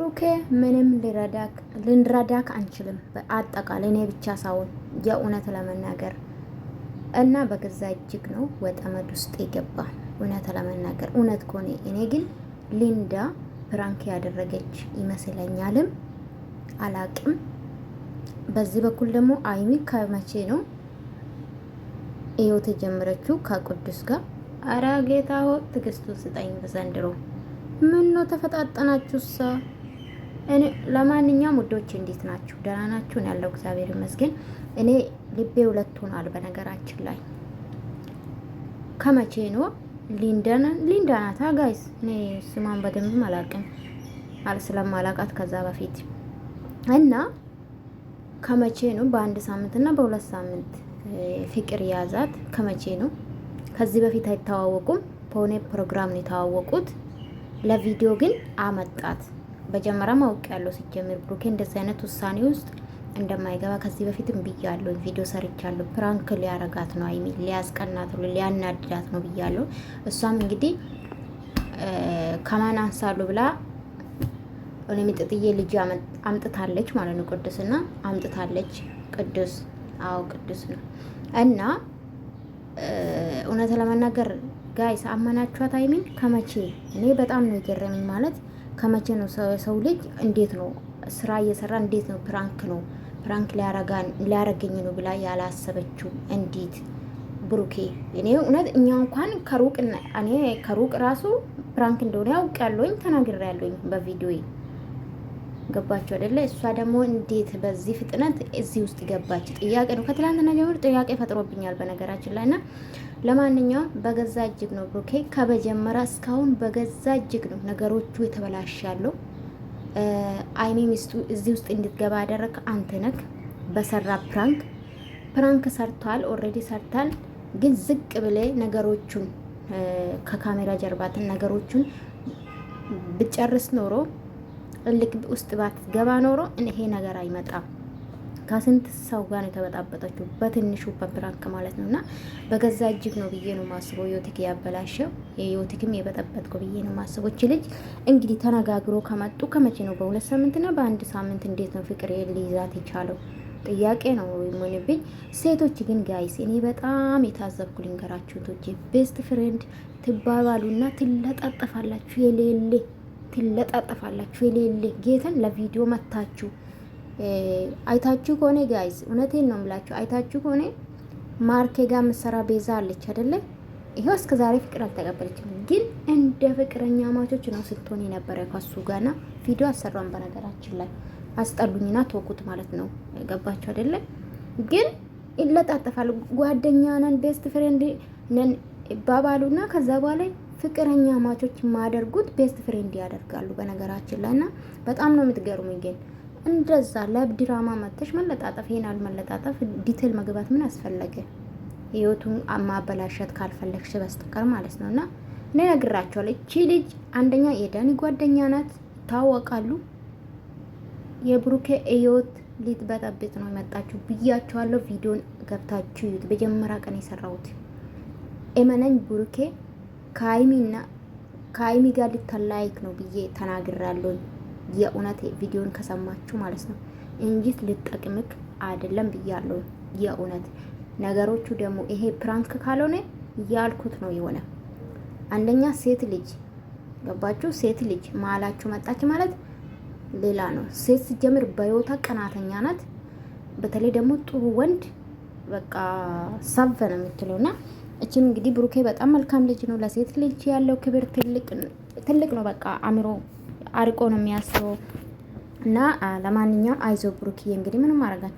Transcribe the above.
ብሩኬ ምንም ልንረዳክ አንችልም። አጠቃላይ እኔ ብቻ ሳውን የእውነት ለመናገር እና በገዛ እጅግ ነው ወጠመድ ውስጥ የገባ እውነት ለመናገር እውነት ከሆነ እኔ ግን ሊንዳ ፕራንክ ያደረገች ይመስለኛልም አላቅም። በዚህ በኩል ደግሞ አይሚ ከመቼ ነው ህይወት የጀመረችው ከቅዱስ ጋር? አረ ጌታ ሆይ ትዕግስቱን ስጠኝ በዘንድሮ ምን ነው ተፈጣጠናችሁሳ? እኔ ለማንኛውም ውዶች እንዴት ናችሁ? ደህና ናችሁን? ያለው እግዚአብሔር ይመስገን። እኔ ልቤ ሁለት ሆኗል። በነገራችን ላይ ከመቼ ነው ሊንደን ሊንዳ ናታ ጋይስ፣ እኔ ስሟን በደንብም አላውቅም ስለማላውቃት ከዛ በፊት እና ከመቼ ነው በአንድ ሳምንት እና በሁለት ሳምንት ፍቅር የያዛት ከመቼ ነው? ከዚህ በፊት አይተዋወቁም። በሆነ ፕሮግራም ነው የተዋወቁት። ለቪዲዮ ግን አመጣት በጀመራ ማወቅ ያለው ሲጀምር ብሩኬ እንደዚህ አይነት ውሳኔ ውስጥ እንደማይገባ ከዚህ በፊትም ብያለሁ። ቪዲዮ ሰርቻለሁ። ፕራንክ ሊያረጋት ነው አይሚ ሊያስቀናት ነው ሊያናድዳት ነው ብያለሁ። እሷም እንግዲህ ከማን አንሳሉ ብላ እኔ ሚጥጥዬ ልጅ አምጥታለች ማለት ነው። ቅዱስና አምጥታለች። ቅዱስ አዎ ቅዱስ ነው። እና እውነት ለመናገር ጋይስ አመናችኋት አይሚን ከመቼ እኔ በጣም ነው የገረመኝ ማለት ከመቼ ነው የሰው ልጅ እንዴት ነው ስራ እየሰራ እንዴት ነው ፕራንክ ነው ፕራንክ ሊያረገኝ ነው ብላ ያላሰበችው እንዴት ብሩኬ እኔ እውነት እኛ እንኳን ከሩቅ እኔ ከሩቅ ራሱ ፕራንክ እንደሆነ ያውቅ ያለኝ ተናግሬ ያለኝ በቪዲዮ ገባችሁ አይደለ? እሷ ደግሞ እንዴት በዚህ ፍጥነት እዚህ ውስጥ ገባች? ጥያቄ ነው። ከትላንትና ጀምሮ ጥያቄ ፈጥሮብኛል በነገራችን ላይ እና ለማንኛውም በገዛ እጅግ ነው ብሩኬ ከበጀመረ እስካሁን በገዛ እጅግ ነው ነገሮቹ የተበላሻሉ። አይኔ ሚስቱ እዚህ ውስጥ እንድትገባ ያደረግ አንተ ነክ በሰራ ፕራንክ ፕራንክ ሰርቷል፣ ኦልሬዲ ሰርታል። ግን ዝቅ ብሌ ነገሮቹን ከካሜራ ጀርባትን ነገሮቹን ብጨርስ ኖሮ እልክ ውስጥ ባትገባ ኖሮ ይሄ ነገር አይመጣም። ከስንት ሰው ጋር ነው የተበጣበጠችው? በትንሹ በብራንክ ማለት ነው። እና በገዛ እጅግ ነው ብዬ ነው ማስበው። ዮቲክ ያበላሸው የዮቲክም የበጠበጥከው ብዬ ነው ማስበው። እች ልጅ እንግዲህ ተነጋግሮ ከመጡ ከመቼ ነው? በሁለት ሳምንት እና በአንድ ሳምንት እንዴት ነው ፍቅር ሊይዛት የቻለው? ጥያቄ ነው የምሆንብኝ። ሴቶች ግን ጋይስ፣ እኔ በጣም የታዘብኩ ልንገራችሁ። ቶቼ ቤስት ፍሬንድ ትባባሉና ትለጣጠፋላችሁ የሌሌ ትለጣጠፋላችሁ። የሌለ ጌታን ለቪዲዮ መታችሁ አይታችሁ ከሆነ ጋይዝ እውነቴን ነው ምላችሁ። አይታችሁ ከሆነ ማርኬ ጋር የምትሰራ ቤዛ አለች አይደለ? ይሄው እስከ ዛሬ ፍቅር አልተቀበለችም፣ ግን እንደ ፍቅረኛ ማቾች ነው ስትሆን የነበረ ከሱ ጋርና ቪዲዮ አሰራን። በነገራችን ላይ አስጠሉኝና ተወኩት ማለት ነው። ገባችሁ አይደለ? ግን ይለጣጠፋል። ጓደኛ ነን ቤስት ፍሬንድ ነን ባባሉና ከዛ በኋላ ፍቅረኛ ማቾች የማያደርጉት ቤስት ፍሬንድ ያደርጋሉ። በነገራችን ላይ እና በጣም ነው የምትገርሙኝ። ግን እንደዛ ለድራማ መጥተሽ መለጣጠፍ ይሄናል መለጣጠፍ ዲቴል መግባት ምን አስፈለገ? ህይወቱን ማበላሸት ካልፈለግሽ በስተቀር ማለት ነው። እና እኔ ነግራቸዋለሁ። እቺ ልጅ አንደኛ የዳኒ ጓደኛ ናት፣ ይታወቃሉ። የብሩኬ ህይወት ልትበጠብጥ ነው የመጣችሁ ብያቸዋለሁ። ቪዲዮን ገብታችሁ እዩት። በጀመራ ቀን የሰራሁት ኤመነኝ ብሩኬ ከሀይሚና ከሀይሚ ጋር ልተላይክ ነው ብዬ ተናግራለሁ። የእውነት ቪዲዮን ከሰማችሁ ማለት ነው እንጂ ልጠቅምክ አይደለም ብያለሁ። የእውነት ነገሮቹ ደግሞ ይሄ ፕራንክ ካልሆነ ያልኩት ነው የሆነ አንደኛ ሴት ልጅ ገባችሁ። ሴት ልጅ ማላችሁ መጣች ማለት ሌላ ነው። ሴት ሲጀምር በህይወቷ ቀናተኛ ናት። በተለይ ደግሞ ጥሩ ወንድ በቃ ሳብ ነው የምትለውና እችም እንግዲህ ብሩኬ በጣም መልካም ልጅ ነው። ለሴት ልጅ ያለው ክብር ትልቅ ነው። በቃ አእምሮ አርቆ ነው የሚያስበው እና ለማንኛውም አይዞ ብሩክዬ እንግዲህ ምንም አረጋቸው